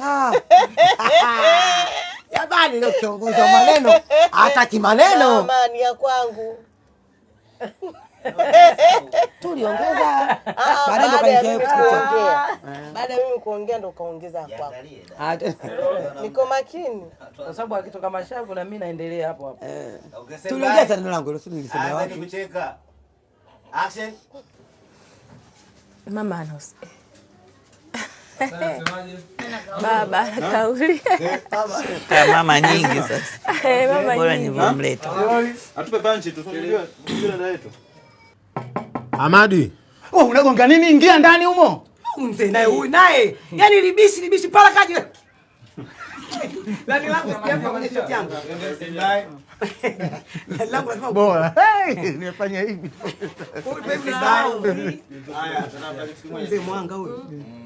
Ah. Jamani, leo kiongozi wa maneno hataki maneno. Jamani ya kwangu tuliongeza ah, maneno kaongea, baada ya mimi kuongea ndo kaongeza kwako. Ah, Niko makini kwa sababu akitoka mashavu na mimi naendelea hapo hapo. Eh. Tuliongeza neno langu nilisema wapi? Mama Anos. Baba kauli mama nyingi sasa, bora yetu Amadi. Oh, unagonga nini? Ingia ndani humo. Oh, mzee naye huyu naye, yaani libishi libishi pala kaji nimefanya hivi. mwanga huyu hmm.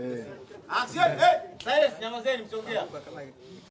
Eh. Ah, eh, eh. Nyamazeni msongea.